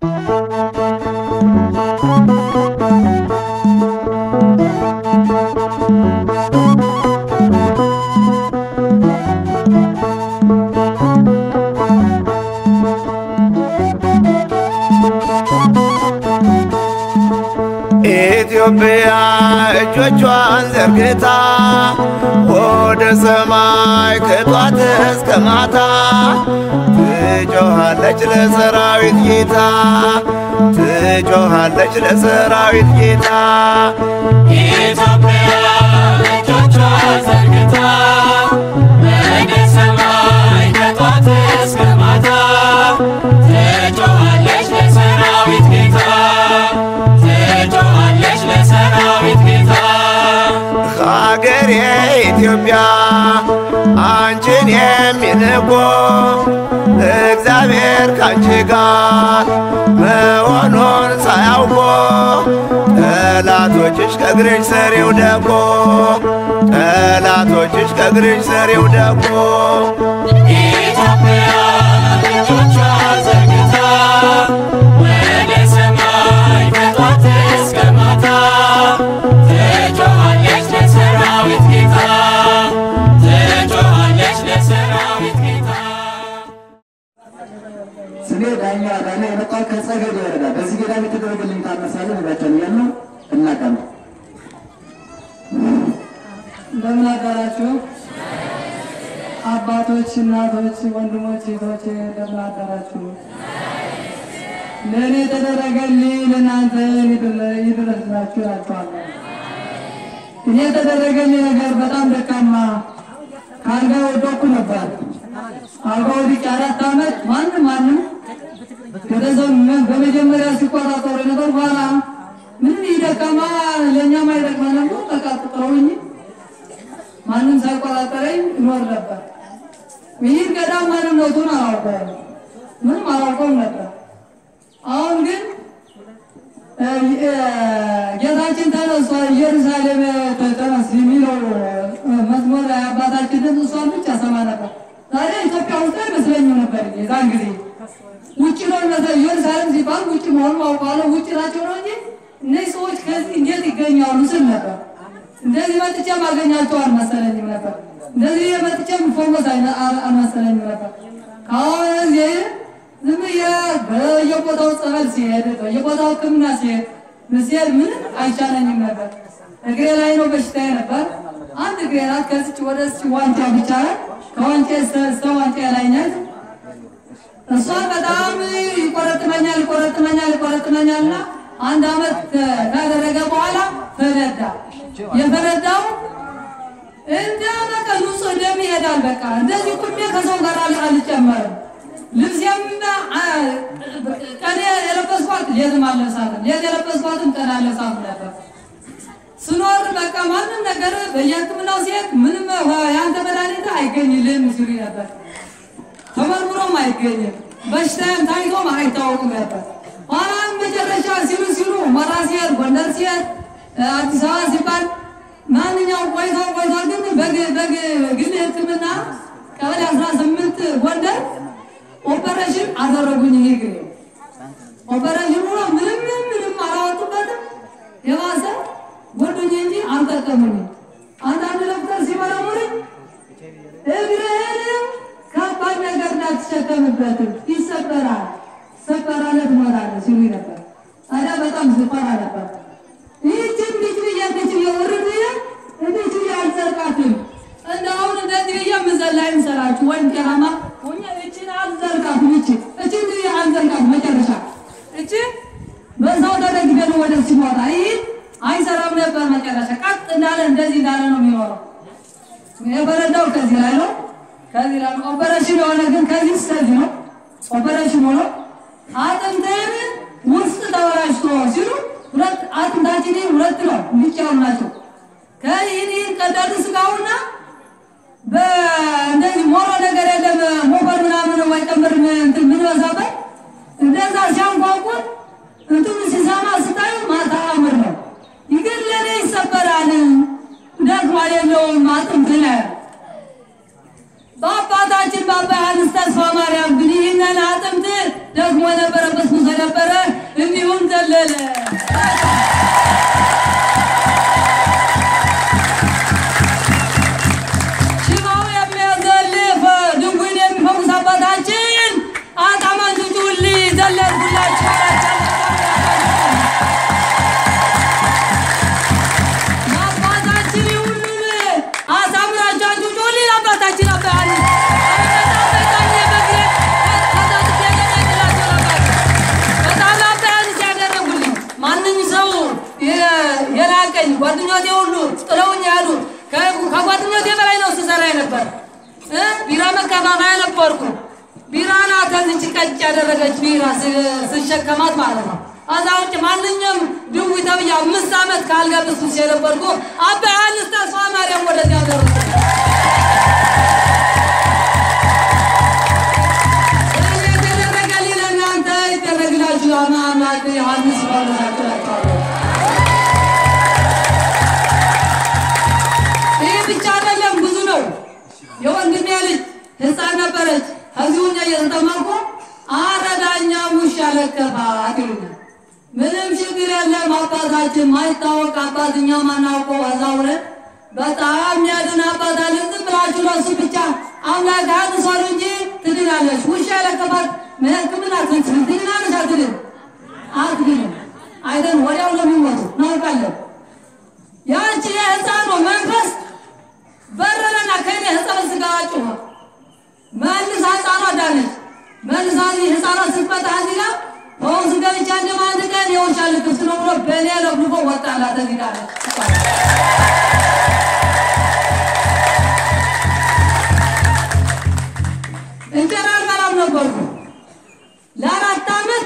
Thank you. ማረፊያ እጆቿን ዘርግታ ወደ ሰማይ ከጧት እስከ ማታ ትጮኻለች ለሰራዊት ጌታ ትጮኻለች ለሰራዊት ጌታ ኢትዮጵያ እጆቿን ዘርግታ ፍቅር ካንቺ ጋር መሆኑን ሳያውቆ ጠላቶችሽ ከእግርሽ ሰሪው ደቆ ጠላቶችሽ ከእግርሽ ሰሪው ደቆ እንደምን አደራችሁ አባቶች፣ እናቶች፣ ወንድሞች፣ ሴቶች እንደምን አደራችሁ። ለእኔ የተደረገልኝ ለእናንተ ይድረስላችሁ እላችኋለሁ። እኔ የተደረገልኝ ነገር በጣም ደካማ ከአልጋ ወደኩ ነበር። አልጋ ወድቄ አራት ዓመት ማንም ማንም በመጀመሪያ ሲቆ ጌታችን ተነስቷል፣ ኢየሩሳሌም ተነስ የሚለው መዝሙር አባታችን ድምፅ እሷን ብቻ ሰማ ነበር። ዛሬ ኢትዮጵያ ውስጥ አይመስለኝም ነበር የዛን ጊዜ ውጭ ነው ኢየሩሳሌም ሲባል ውጭ መሆኑ አውቃለሁ። ውጭ ናቸው ነው እንጂ እነዚህ ሰዎች ከዚህ እንዴት ይገኛሉ ስል ነበር። እንደዚህ መጥቼም አገኛቸው አልመሰለኝም ነበር። እንደዚህ መጥቼም ፎርሞስ አልመሰለኝም ነበር። አሁን እዚህ ዝም በየቦታው ጸበል ሲሄድ በየቦታው ሕክምና ሲሄድ ምስሄድ ምንም አይቻለኝም ነበር። እግሬ ላይ ነው በሽታ ነበር። አንድ እግሬ ናት ከዚች ወደ ዚች ዋንጫ ብቻ ከዋንጫ እስከ ዋንጫ ላይኛል። እሷ በጣም ይቆረጥመኛል ይቆረጥመኛል ይቆረጥመኛል እና አንድ አመት ካደረገ በኋላ ፈረዳ። የፈረዳው እንደ በቃ ንጹህ ደም ይሄዳል። በቃ እንደዚህ ቁሜ ከሰው ጋር አልጨመርም። ልብሴምና ቀን የለበስኳት ሌትም አለብሳትም፣ ሌት የለበስኳትም ቀን አለብሳትም ነበር። ስኖር በቃ ማንም ነገር በየህክምናው ሲሄድ ምንም የአንተ መድኃኒት አይገኝልህም ሲሉ ነበር። ተመርምሮም አይገኝም፣ በሽታም ታይቶም አይታወቅም ነበር። ኋላም መጨረሻ ሲሉ ሲሉ መራ ሲሄድ፣ ጎንደር ሲሄድ፣ አዲስ አበባ ሲባል ማንኛውም ቆይቷ ቆይቷ ግን በግል ህክምና ቀበሌ አስራ ስምንት ጎንደር ኦፐሬሽን አደረጉኝ። ይሄ ግን ኦፐሬሽኑ ነው ምንም ምንም አላወጡበትም። የባሰ ጎዶኝ እንጂ አልጠቀሙኝ። አንዳንድ ለፍተር ሲ እንዳለ እንደዚህ እንዳለ ነው የሚኖረው። የበረዳው ከዚህ ላይ ነው፣ ከዚህ ላይ ነው። ኦፐሬሽን የሆነ ግን ከዚህ እስከዚህ ነው። ኦፐሬሽን ሆኖ አጥንቴን ውስጥ ተበላሽቶ ሲሉ ሁለት አጥንታችን ሁለት ነው የሚጫሩ ናቸው። ከይህን ቀዳድ ስጋውና እንደዚህ ሞሮ ነገር የለም ሞፈር ምናምን ማይጨምር እንትን ምንበዛበት እንደዛ ሲያንኳኩን እንትኑ ሲሰማ ስታዩ ማታ ಕುಲ್ಲನೇ ಸಬ್ಬರಾನ ನಗ್ವಾಳೆ ಲೋ ಮಾತಂ ಬಿಲ ಬಾಪ ತಾಚಿನ ಬಾಪ ಅನಸ್ತ ಸ್ವಾಮಾರ ಬಿನಿಹಿನ ನಾತಂ ತಿ ನಗ್ವಾನ ಬರ ಬಸ್ ಮುಗಲ ಬರ ಇಮ್ಮಿ ಉಂತಲ್ಲಲ ገበሬ ነበር። ቢራ መቀባባያ ነበርኩ። ቢራ ናተ እዚች ቀጭ ያደረገች ቢራ ስሸከማት ማለት ነው። ከዛ ውጭ ማንኛውም ድዊ ተብዬ አምስት ዓመት ካልገብሱ የነበርኩ አባ ዮሐንስ ተስፋ ማርያም ወደዚያ ደረሰ። አትከፋት ይሉናል። ምንም ችግር የለም አባታችን ማይታወቅ አባት እኛ ማናውቀው አዛውረን በጣም ያድን አባታለን። ዝም ብላችሁ ለሱ ብቻ አምላክ አትሰሩ እንጂ ትድናለች። ውሻ ለከፋት ሕክምና አትችልም፣ ትድናለች። አትድን አትድንም። አይደን ወዲያው ለሚሞቱ እናውቃለን። ያቺ የሕፃኑ መንፈስ በረረና ከኔ ሕፃን ስጋ ጩኸ መልሳ ሕፃኗ ዳነች። መልሳ ሕፃኗ ስትመጣ እዚህ ጋር በወንዝ ገብቻ እንደማንድ ቀን የውሻ ልክፍት ነው ብሎ በእኔ ለብልፎ ወጣላት ዲዳለ እንጀራ አልበላም ነበርኩ ለአራት ዓመት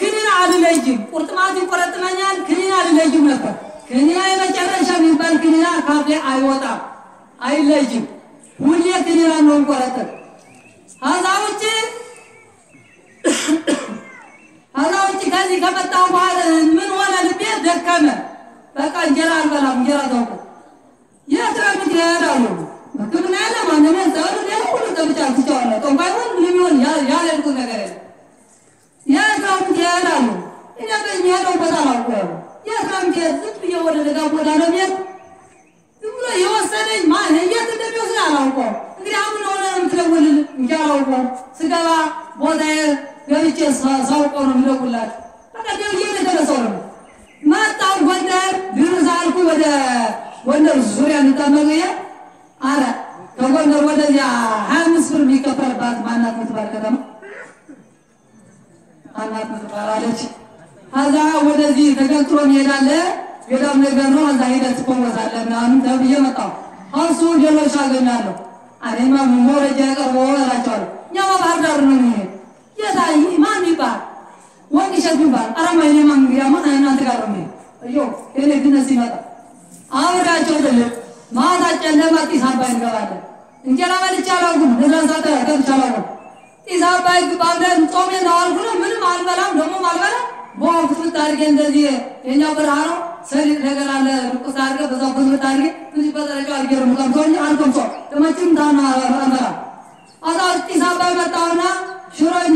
ክኒን አልለይም። ቁርጥማት ይቆረጥመኛል፣ ክኒን አልለይም ነበር። ክኒና የመጨረሻ የሚባል ክኒና ካፌ አይወጣም፣ አይለይም። ሁሌ ክኒና ነው ቆረጠ። ከዛ ከዛ ውጭ ከዚህ ከመጣሁ በኋላ ምን ሆነ? ልቤ ደከመ። በቃ እንጀራ አልበላም። እንጀራ ታውቁ የስራ ምክንያት አሉ ሕክምና ያለ ማንም ዘሩ ደግሞ ሁሉ ተብቻ ትቸዋለ ጦንባይሆን ምንም ይሆን ያለልኩ ነገር የለ የስራ ምክንያት አሉ እኛ በሚሄደው ቦታ ላውቁ ነው ምክንያት ዝም ብዬ ወደ ደጋ ቦታ ነው ቤት ዝም ብሎ የወሰደኝ ማን የት እንደሚወስድ አላውቀው። እንግዲህ አሁን ሆነ ምትለውልል እንጂ አላውቀው ስገባ ቦታዬ ገብቼ ሳውቆ ነው የሚለቁላችሁ። በቃ ደውዬ የተነሳው ነው መጣሁ። ጎንደር ድርስ አልኩ። ወደ ጎንደር ዙሪያ የሚጠመቅ ያ አረ ከጎንደር ወደዚያ ሀያ አምስት ብር የሚከፈልባት ማናት ምትባል ከተማ ማናት ምትባል አለች። ከዛ ወደዚህ ተገንጥሎ ሄዳለ ሌላም ነገር ነው። እዛ ሄደህ ትቆወዛለህ ምናምን ተብዬ መጣሁ። እሱ ሌሎች አገኛለሁ እኔማ መረጃ ያቀርበ እላቸዋለሁ። እኛማ ባህር ዳር ነው የሚሄድ የታይ ማን ይባል ወንድ እሸት ይባል አረማ የኔ ማን እንግዲህ ማን እናንተ ጋር ነው እዮ የኔ ግን ሲመጣ አብራቸው ደለ ማታ ጨለማ ጢስ አባይ እንገባለን። እንጀራ በልቼ አላውቅም። ለዛን ሰዓት ገብቼ አላውቅም። ጢስ አባይ ባብለን ጾሜ ናዋልኩ ምንም አልበላም። ደግሞ አልበላም በወር ፍትፍት እንደዚህ የኛው በረሃ ነው ሰሊጥ ነገር አለ ርቁስ አድርጌ በዛ ፍትፍት አድርጌ ትንሽ በጠረጫ አድርጌ ነው ቀምቶኝ አልቀምሶ ተመችም ታና አልበላም። አዛ ጢስ አባይ መጣሁና ሽሮኝ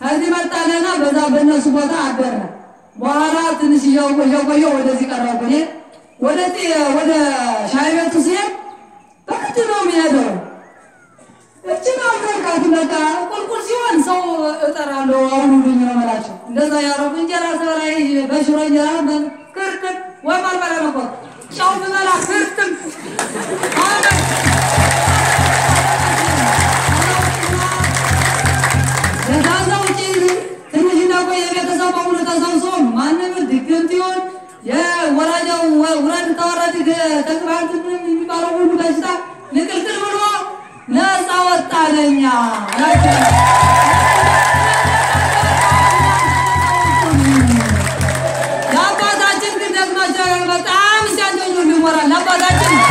ከዚህ መጣለና በዛ በእነሱ ቦታ አደረ። በኋላ ትንሽ እየቆየ ቆየ ወደዚህ ቀረብኩ። እኔ ወደዚህ ወደ ሻይ ቤቱ ሲሄድ በክት ነው የሚሄደው። እችን አምረካቱ በቃ ቁልቁል ሲሆን ሰው እጠራለሁ አሁን ሁሉኝ ነው መላቸው። እንደዛ ያረፉ እንጀራ ሰላይ በሽሮ እንጀራ ክርክር ወይም አልበላ ነበር ጨው ብበላ ክርክር አባራት ተቅማንት የሚባለው ሁሉ በሽታ ንቅልቅል ብሎ ነፃ ወጣ ለኛ ለአባታችን ግን ደግማቸው በጣም ሲያገኙ ይሞራል ለአባታችን